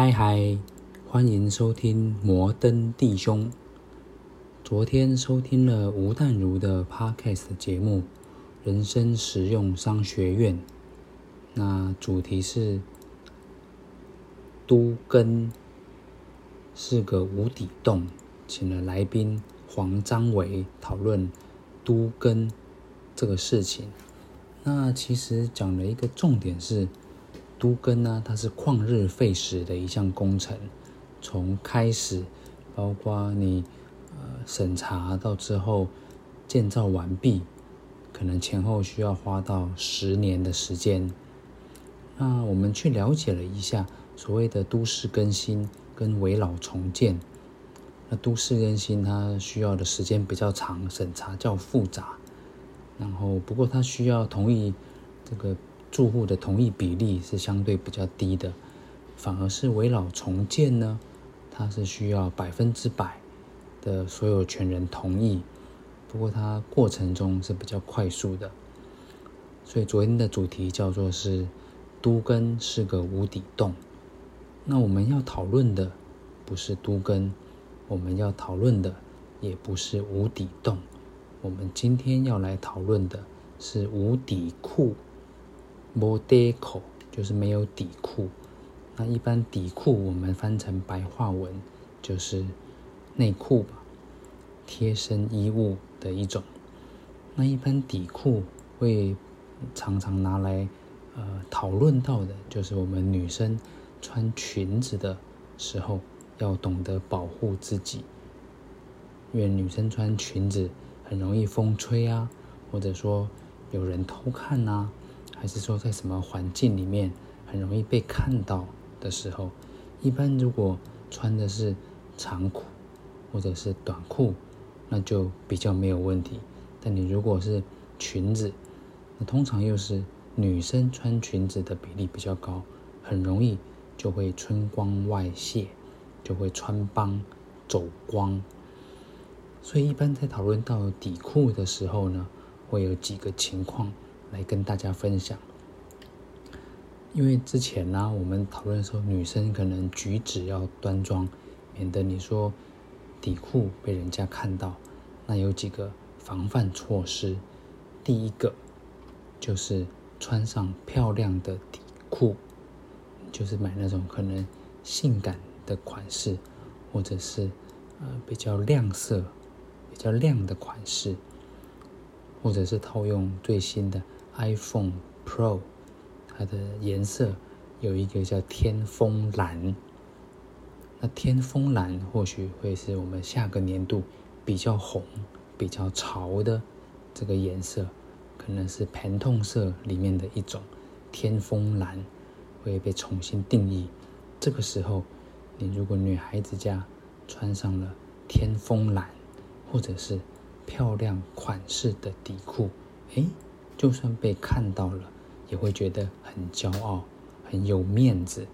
嗨嗨，hi hi, 歡迎收聽摩登弟兄。昨天收聽了吳淡如的 Podcast 節目《人生實用商學院》，那主題是“都更是個無底洞”，請了來賓黃張維討論“都更”這個事情。那其實講了一個重點是。都更呢，它是曠日費時的一項工程，從開始，包括你呃審查到之後建造完畢，可能前後需要花到十年的時間。那我們去了解了一下所謂的都市更新跟危老重建，那都市更新它需要的時間比較長，審查較複雜，然後不過它需要同意這個。住戶的同意比例是相對比較低的，反而是危老重建呢，它是需要百分之百的所有權人同意。不過它過程中是比較快速的。所以昨天的主題叫做是都更是個無底洞。那我們要討論的不是都更，我們要討論的也不是無底洞，我們今天要來討論的是無底褲。無底褲就是沒有底褲，那一般底褲我們翻成白話文就是內褲吧，貼身衣物的一種。那一般底褲會常常拿來呃討論到的，就是我們女生穿裙子的時候要懂得保護自己，因為女生穿裙子很容易風吹啊，或者說有人偷看啊。還是說在什麼環境裡面很容易被看到的時候，一般如果穿的是長褲或者是短褲，那就比較沒有問題。但你如果是裙子，那通常又是女生穿裙子的比例比較高，很容易就會春光外泄，就會穿幫、走光。所以，一般在討論到底褲的時候呢，會有幾個情況。來跟大家分享，因為之前呢，我們討論的時候，女生可能舉止要端莊，免得你說底褲被人家看到。那有幾個防範措施，第一個就是穿上漂亮的底褲，就是買那種可能性感的款式，或者是呃比較亮色、比較亮的款式，或者是套用最新的。iPhone Pro，它的顏色有一個叫天峰藍。那天峰藍或許會是我們下個年度比較紅、比較潮的這個顏色，可能是潘通色裡面的一種。天峰藍會被重新定義。這個時候，你如果女孩子家穿上了天峰藍，或者是漂亮款式的底褲，哎。就算被看到了，也會覺得很驕傲，很有面子。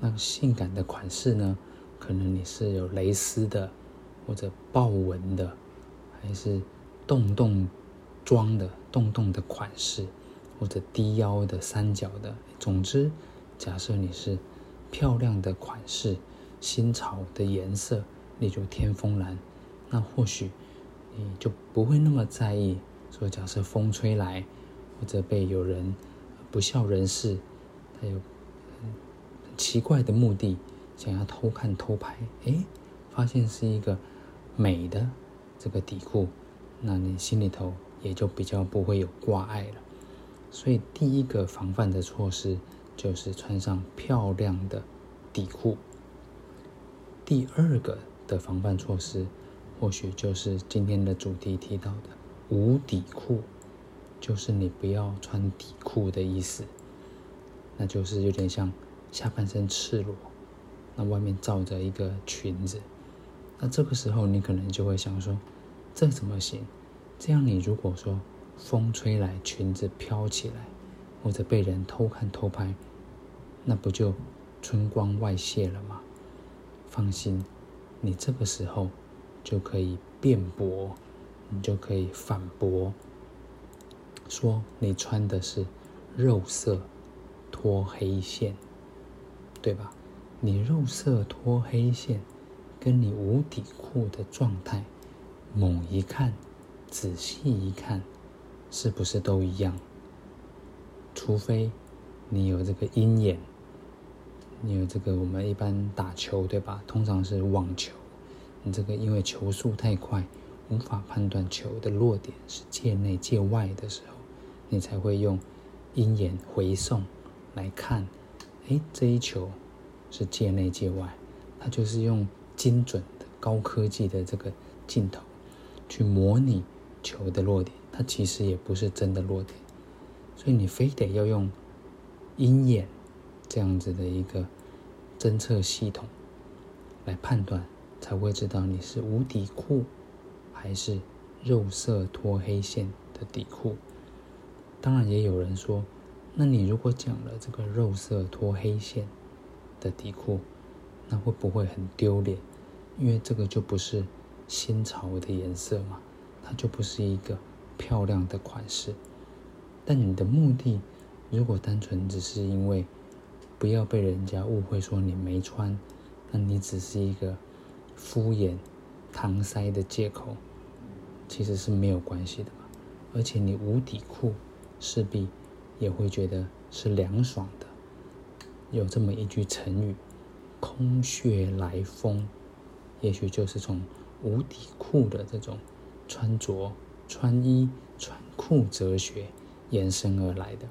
那性感的款式呢？可能你是有蕾絲的，或者豹紋的，還是洞洞裝的、洞洞的款式，或者低腰的、三角的。總之，假設你是漂亮的款式、新潮的顏色，例如天空藍，那或許你就不會那麼在意。說假設風吹來，或者被有人不肖人士，他有很奇怪的目的想要偷看偷拍，哎，發現是一個美的這個底褲，那你心裡頭也就比較不會有掛礙了。所以，第一個防範的措施就是穿上漂亮的底褲。第二個的防範措施，或許就是今天的主題提到的。無底褲，就是你不要穿底褲的意思，那就是有點像下半身赤裸，那外面罩着一個裙子。那這個時候你可能就會想說，這怎麼行？這樣你如果說風吹來，裙子飄起來，或者被人偷看偷拍，那不就春光外泄了嗎？放心，你這個時候就可以辯駁。你就可以反駁，說你穿的是肉色拖黑線，對吧？你肉色拖黑線，跟你無底褲的狀態，猛一看，仔細一看，是不是都一樣？除非你有這個鷹眼，你有這個我們一般打球對吧？通常是網球，你這個因為球速太快。無法判斷球的落點是界內界外的時候，你才會用鷹眼回送來看，誒，這一球是界內界外，它就是用精準的高科技的這個鏡頭去模擬球的落點，它其實也不是真的落點，所以你非得要用鷹眼這樣子的一個偵測系統來判斷，才會知道你是無底褲。還是肉色拖黑線的底褲，當然也有人說，那你如果講了這個肉色拖黑線的底褲，那會不會很丟臉？因為這個就不是新潮的顏色嘛，它就不是一個漂亮的款式。但你的目的，如果單純只是因為不要被人家誤會說你沒穿，那你只是一個敷衍搪塞的借口。其實是沒有關係的嘛，而且你無底褲勢必也會覺得是涼爽的。有這麼一句成語，“空穴來風”，也許就是從無底褲的這種穿着、穿衣、穿褲哲學延伸而來的。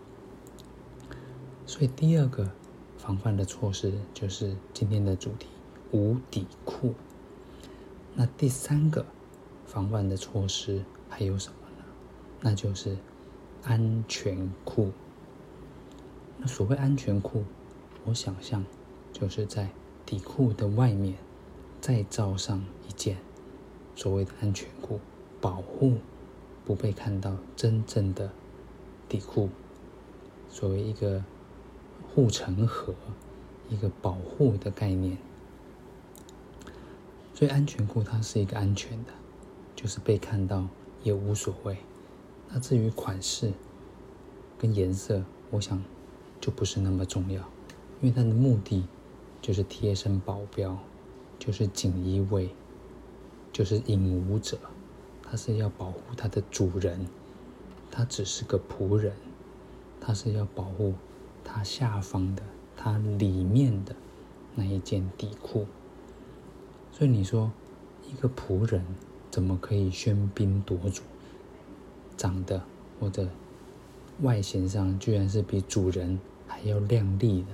所以第二個防範的措施就是今天的主題：無底褲。那第三個。防範的措施還有什麼呢？那就是安全褲。那所謂安全褲，我想象就是在底褲的外面再罩上一件所謂的安全褲，保護不被看到真正的底褲，作為一個護城河，一個保護的概念。所以安全褲它是一個安全的。就是被看到也無所謂。那至於款式跟顏色，我想就不是那麼重要，因為它的目的就是貼身保鏢，就是錦衣衛，就是影武者。它是要保護它的主人，他只是個僕人，他是要保護它下方的、它裡面的那一件底褲。所以你說一個僕人。怎麼可以喧賓奪主？長得或者外形上，居然是比主人還要靚麗的、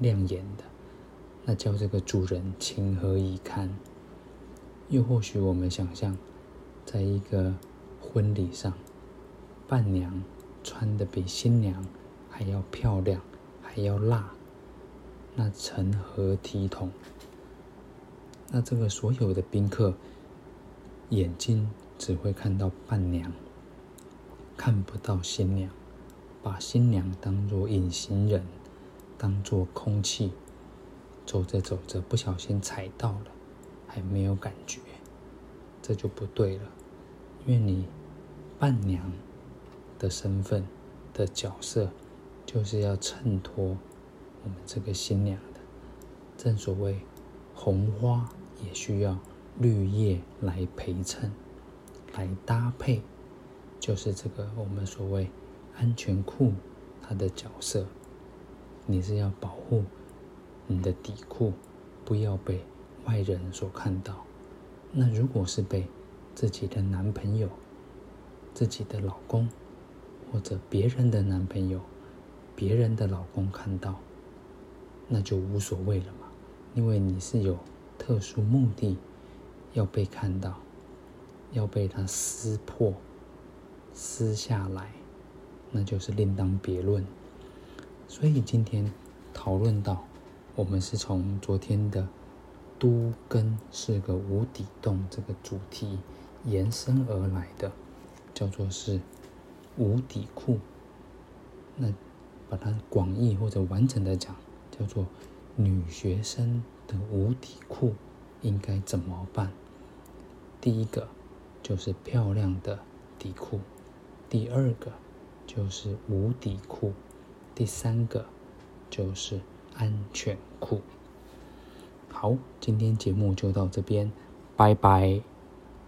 亮眼的，那叫這個主人情何以堪？又或許我們想象，在一個婚禮上，伴娘穿的比新娘還要漂亮、還要辣，那成何體統？那這個所有的賓客。眼睛只會看到伴娘，看不到新娘，把新娘當做隱形人，當做空氣，走着走着不小心踩到了，還沒有感覺，這就不對了。因為你伴娘的身份的角色，就是要襯托我們這個新娘的。正所謂，紅花也需要。綠葉來陪襯，來搭配，就是這個我們所謂安全褲它的角色，你是要保護你的底褲，不要被外人所看到。那如果是被自己的男朋友、自己的老公或者別人的男朋友、別人的老公看到，那就無所謂了嘛，因為你是有特殊目的。要被看到，要被他撕破、撕下來，那就是另當別論。所以今天討論到，我們是從昨天的“都更是個無底洞”這個主題延伸而來的，叫做是“無底褲”。那把它廣義或者完整地講，叫做“女學生的無底褲”。應該怎麼辦？第一個就是漂亮的底褲，第二個就是無底褲，第三個就是安全褲。好，今天節目就到這邊，拜拜。